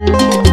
you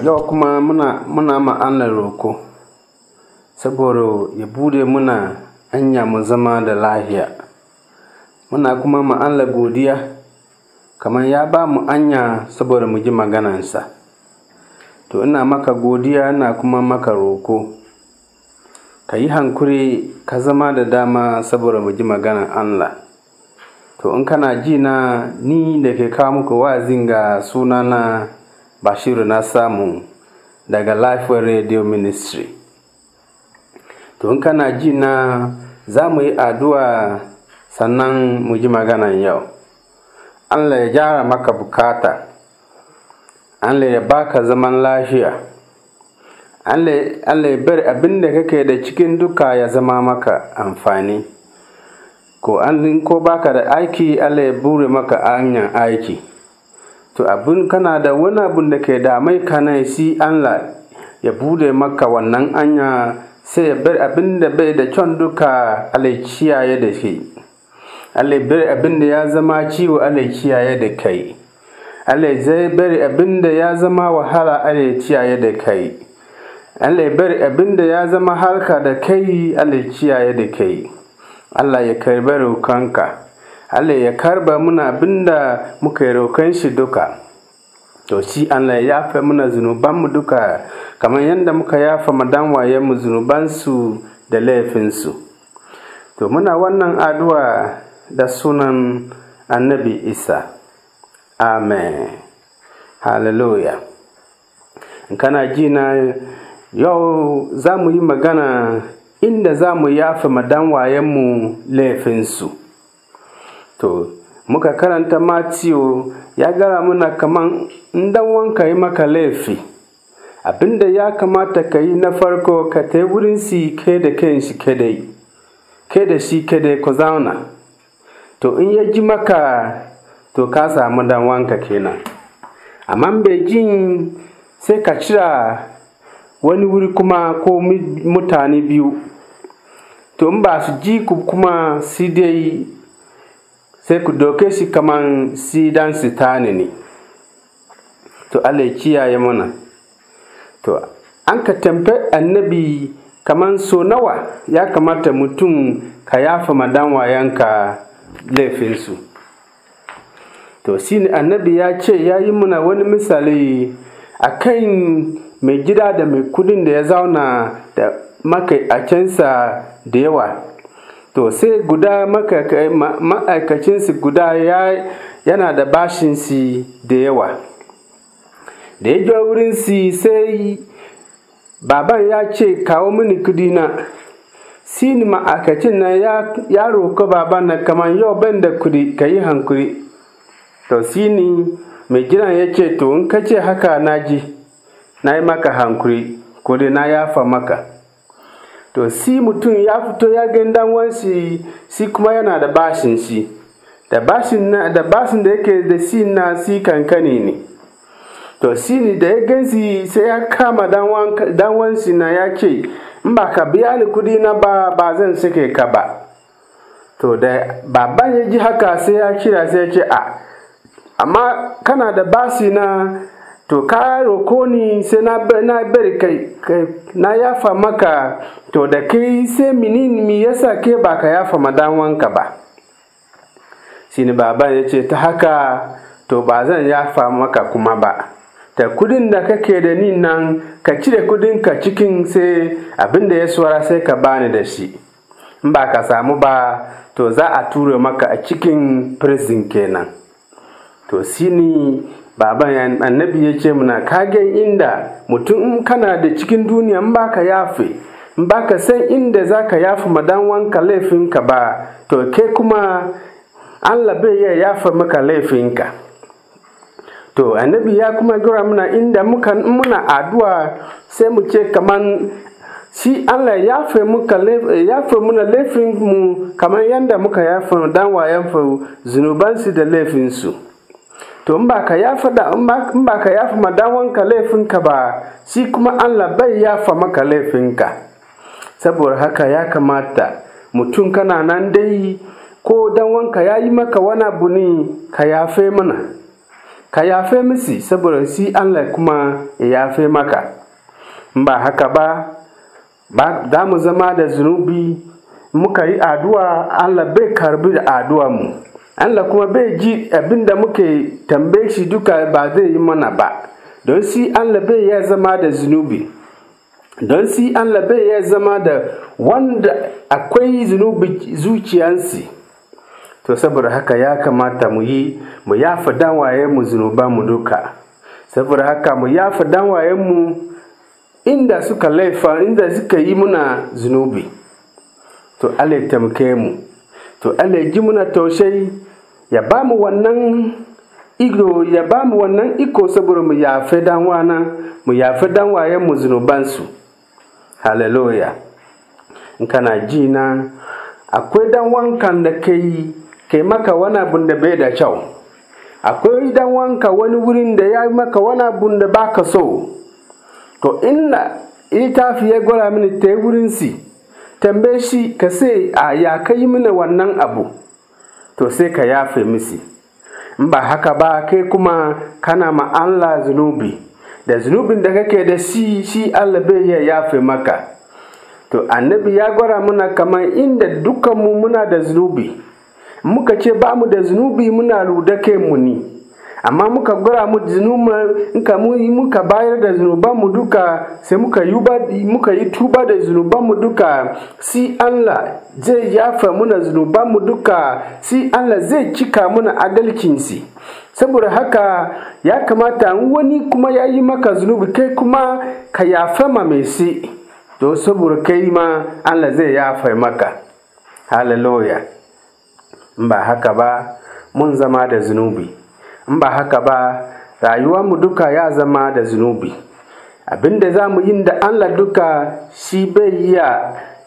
yau kuma muna muna ma Allah roko saboda ya bude muna hanya mu zama da lahiya muna kuma ma Allah godiya kamar ya ba mu anya saboda mu ji maganansa to ina maka godiya ina kuma maka roko ka yi hankuri ka zama da dama saboda mu ji maganan Allah to in kana ji na ni da ke kawo muku wa'azin ga sunana bashiru na samu daga lifeway radio ministry to in kana ji na za mu yi addu'a sannan mu ji maganan yau allah ya gyara maka bukata allah ya baka zaman lafiya allah ya bar abin da kake da cikin duka ya zama maka amfani ko an ko baka da aiki allah ya bure maka hanyar aiki to abin kana da wani abin da ke damai ka na an Allah ya bude maka wannan anya sai ya bar abin da bai da kyan duka Allah da shi Allah bar abin da ya zama ciwo Allah da kai Allah zai bar abin da ya zama wahala Allah da kai Allah bar abin da ya zama harka da kai Allah da kai Allah ya karbar kanka Allah ya karba muna abinda muka yi roƙon shi duka to shi Allah ya yafe muna zunubanmu duka kamar yadda muka yafa zunuban zunubansu da laifinsu to muna wannan addu'a da sunan annabi isa amen hallelujah kana ji na yau za mu yi magana inda za mu yafe madanwayenmu laifinsu to muka karanta Matiyo ya gara muna kaman in dan wanka yi maka laifi abinda ya kamata ka yi na farko ka ta wurin si ke da shi kadai ke da shi kadai ku zauna to in ya ji maka to ka samu dan wanka kenan amma bai sai ka cira wani wuri kuma ko mutane biyu to in ba su ji ku kuma su dai sai ku doke shi kaman sidan sitani ne to Allah ya kiyaye mana to an ka tamfe annabi kaman so nawa ya kamata mutum ka yafa madan laifinsu to shi ne annabi ya ce ya yi muna wani misali a kan mai gida da mai kudin da ya zauna da makai a cansa da yawa to sai guda ma'aikacinsu guda yana da bashin si da yawa da ya wurin wurinsi sai baban ya ce kawo mini kudi na sini ma'aikacin na ya roƙo baban na kamar yau ban da kudi ka yi hankuri to sini mai gidan ya ce to in ka haka na ji na yi maka hankuri kudi na yafa maka to si mutum ya fito ya ga dan si kuma yana da bashin shi da bashin na da da yake da si na si kankane ne to si ne da ya gansi sai ya kama dan na ya ce in ba ka biya ni kudi na ba ba zan sake ka ba to da baban ya ji haka sai ya kira sai ya ce a amma kana da basi na to ka roko ni sai na bari kai na yafa maka to da kai sai minin mi yasa ke ba ka yafa madanwanka ba shi ne baban ya ce ta haka to ba zan yafa maka kuma ba ta kudin da kake da ni nan ka cire kudin ka cikin sai abin da ya suwara sai ka bani da shi in ba ka samu ba to za a ture maka a cikin prison kenan to shi ne baban annabi ya ce muna kagen inda mutum in kana da cikin duniya in baka yafe in baka san inda zaka yafe madan wanka laifinka ba to ke kuma Allah bai ya yafe maka laifinka to annabi ya kuma gura muna inda muka muna addu'a sai mu ce kaman shi Allah ya yafe muna laifin mu kamar yadda muka yafe dan wayan fa zunubansu da laifinsu to in ba ka yafa da in ba ka yafa madawanka laifinka ba shi kuma Allah bai yafa maka laifinka saboda haka ya kamata mutum kana nan dai ko dan wanka ya yi maka wani abu ne ka yafe mana ka yafe misi saboda shi Allah kuma ya yafe maka in ba haka ba za mu zama da zunubi muka yi addu'a Allah bai karbi da addu'a mu Allah kuma bai ji abin da muke tambaye shi duka ba zai yi mana ba, don si Allah bai ya zama da zunubi, don si Allah bai ya zama da wanda akwai zunubi zuciyansi. To saboda haka ya kamata mu yi mu yafa danwaye mu zunuba mu duka, saboda haka mu yafa danwaye mu inda suka laifa inda suka yi muna zunubi. To Allah ya tamke mu, to Allah ya ji muna tausayi ya ba mu wannan iko ya ba mu wannan iko saboda mu yafe danwana mu yafe danwayen mu zunubansu halleluya in kana ji na akwai dan wankan da yi kai maka wani abun da bai da kyau akwai dan wanka wani wurin da ya maka wani abun da ba ka so to inna littafi ya gwara mini ta wurin si tambaye shi ka sai a ya kai mini wannan abu to sai ka yafe misi in ba haka ba kai kuma kana ma Allah zunubi da zunubin da kake da shi shi Allah bai iya yafe maka to annabi ya gwara muna kamar inda dukkanmu muna da zunubi muka ce ba mu da zunubi muna luda kai mu ni amma muka gura mu muka muka bayar da zunuban mu duka sai muka yi tuba da zunuban mu duka si Allah zai yafa muna zunuban mu duka si Allah zai cika muna adalcinsi saboda haka ya kamata wani kuma ya yi maka zunubi kai kuma ka yafa ma mai si to saboda kai ma Allah zai yafa maka hallelujah ba haka ba mun zama da zunubi in ba haka ba rayuwa mu duka ya zama da zunubi abinda za mu yi da Allah duka shi bai yi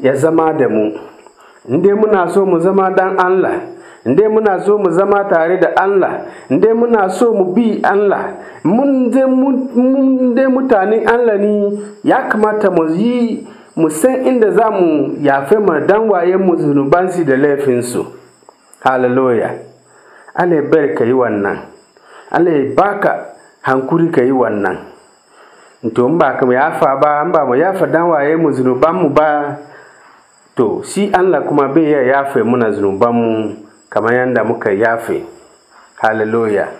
ya zama da mu inda muna so mu zama dan Allah inda muna so mu zama tare da Allah inda muna so mu bi Allah mun dai mutanen Allah ne ya kamata mu yi san inda za mu yafe ma dan mu zunubansu da laifinsu hallelujah Allah bar ka yi wannan Allah ya baka hankuri ka yi wannan to in ba ka mu yafa ba in ba mu yafa dan waye mu zunuban mu ba to shi Allah kuma bai ya yafe muna zunuban mu kamar yanda muka yafe hallelujah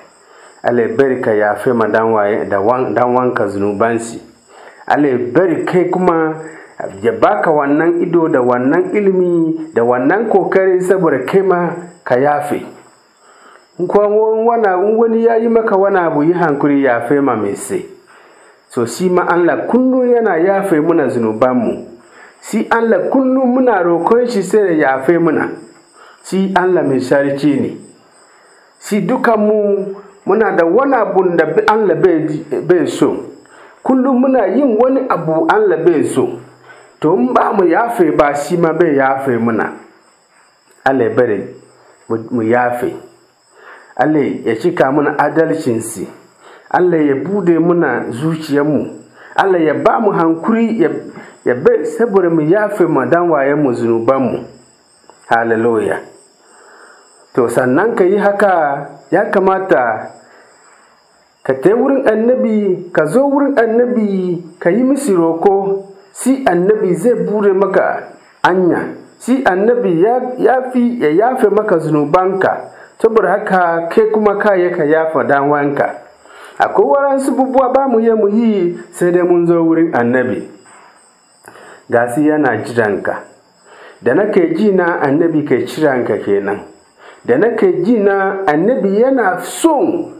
Allah ya bari ka yafe ma dan waye da dan wanka zunuban shi Allah ya bari kai kuma ya baka wannan ido da wannan ilimi da wannan kokari saboda kai ma ka yafe wani ya yi maka wani abu yi hankuri ya fe ma mai sai so shi ma Allah kullum yana yafe muna zunubanmu shi Allah kullum muna roƙon shi sai da yafe muna shi Allah mai sarki ne shi dukanmu muna da wani abu da Allah bai so kullum muna yin wani abu Allah bai so to in ba mu yafe ba shi ma bai yafe muna Allah mu yafe Allah ya cika mana adalcinsi Allah ya bude muna zuciyarmu Allah ya ba mu hankuri ya bai saboda mu yafe ma zunuban mu hallelujah to sannan ka yi haka ya kamata ka tai wurin annabi ka zo wurin annabi ka yi misi roko si annabi zai bude maka anya si annabi ya fi ya yafe maka zunubanka saboda haka kai kuma ka ya ka yafa dan wanka akwai waransu bubuwa ba mu yi mu sai dai mun zo wurin annabi Ga gasi yana jiranka da nake ji na annabi ke ciranka kenan da nake ji na annabi yana son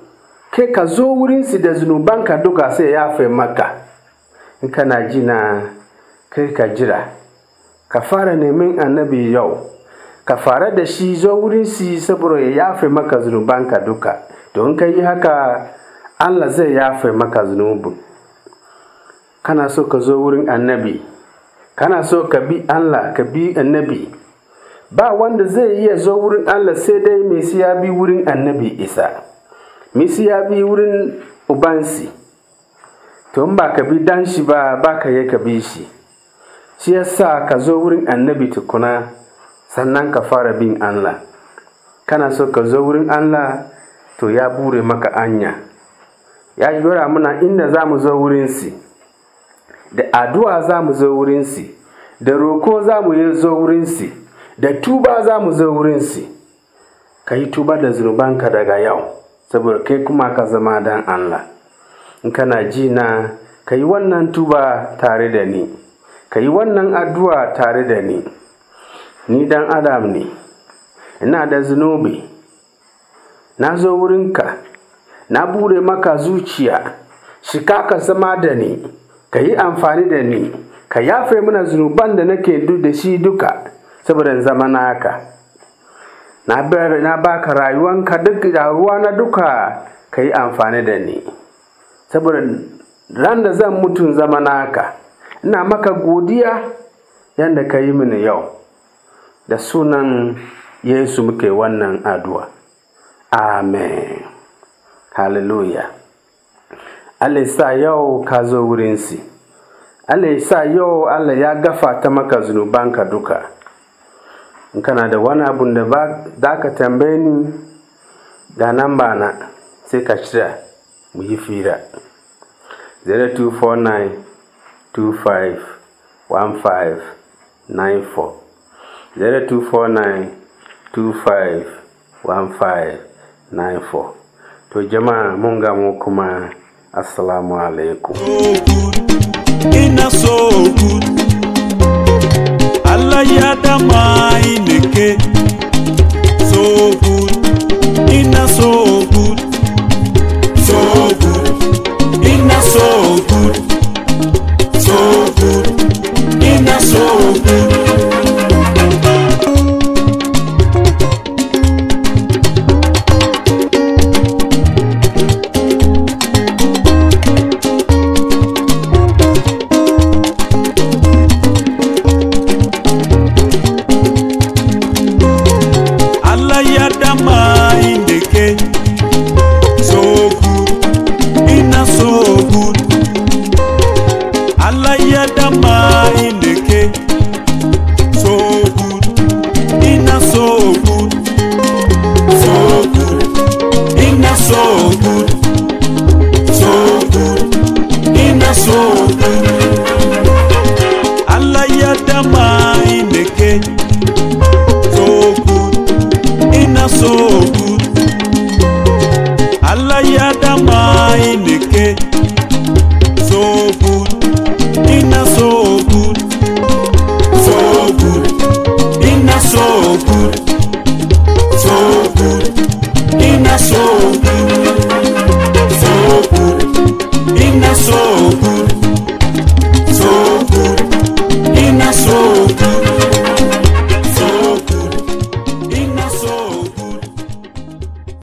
kai ka zo wurinsu da zunubanka duka sai ya maka in kana ji na kai ka jira ka fara neman annabi yau ka fara da shi zo wurin shi saboda ya yafe maka zunubanka duka don ka yi haka Allah zai yafe maka zunubin kana so ka zo wurin annabi kana so ka bi Allah ka bi annabi ba wanda zai iya zo wurin Allah sai dai mai siya bi wurin annabi isa mai siya bi wurin ubansi to ba ka bi dan shi ba ba ka yi ka bi shi shi yasa ka zo wurin annabi tukuna sannan ka fara bin Allah kana so ka zo wurin Allah to ya bure maka anya ya jura muna inda za mu zo wurinsi da addu'a za mu zo wurinsi da roko za mu zo wurinsi da tuba za mu zo wurinsi ka yi tuba da zunubanka daga yau saboda kai kuma ka zama dan Allah in kana ji na ka yi wannan tuba tare da ni ka yi wannan addu'a tare da ni ni dan adam ne ina da zunubi na zo wurinka na bure maka zuciya shika ka zama da ni ka yi amfani da ni ka yafe mana zunuban da nake da shi duka saboda zama naka na baka rayuwanka duk rayuwa na duka ka yi amfani da ni saboda ran da zan mutun zama naka ina maka godiya yanda ka yi mini yau da sunan Yesu muke wannan addu'a. Amen. Hallelujah. Allah sa yau ka zo wurinsi. Allah sa yau Allah ya gafa ta maka zunubanka duka. In kana da wani abun da za ka tambaye ni da nan bana sai ka cira mu yi fira. 0249 25 15 zero two four nine two five one five nine four. To jama munga mukuma assalamu alaikum. So good, ina so good. Allah ya dama ineke. So good, ina so good. So good, ina so good. So good, ina so good. binadamu ini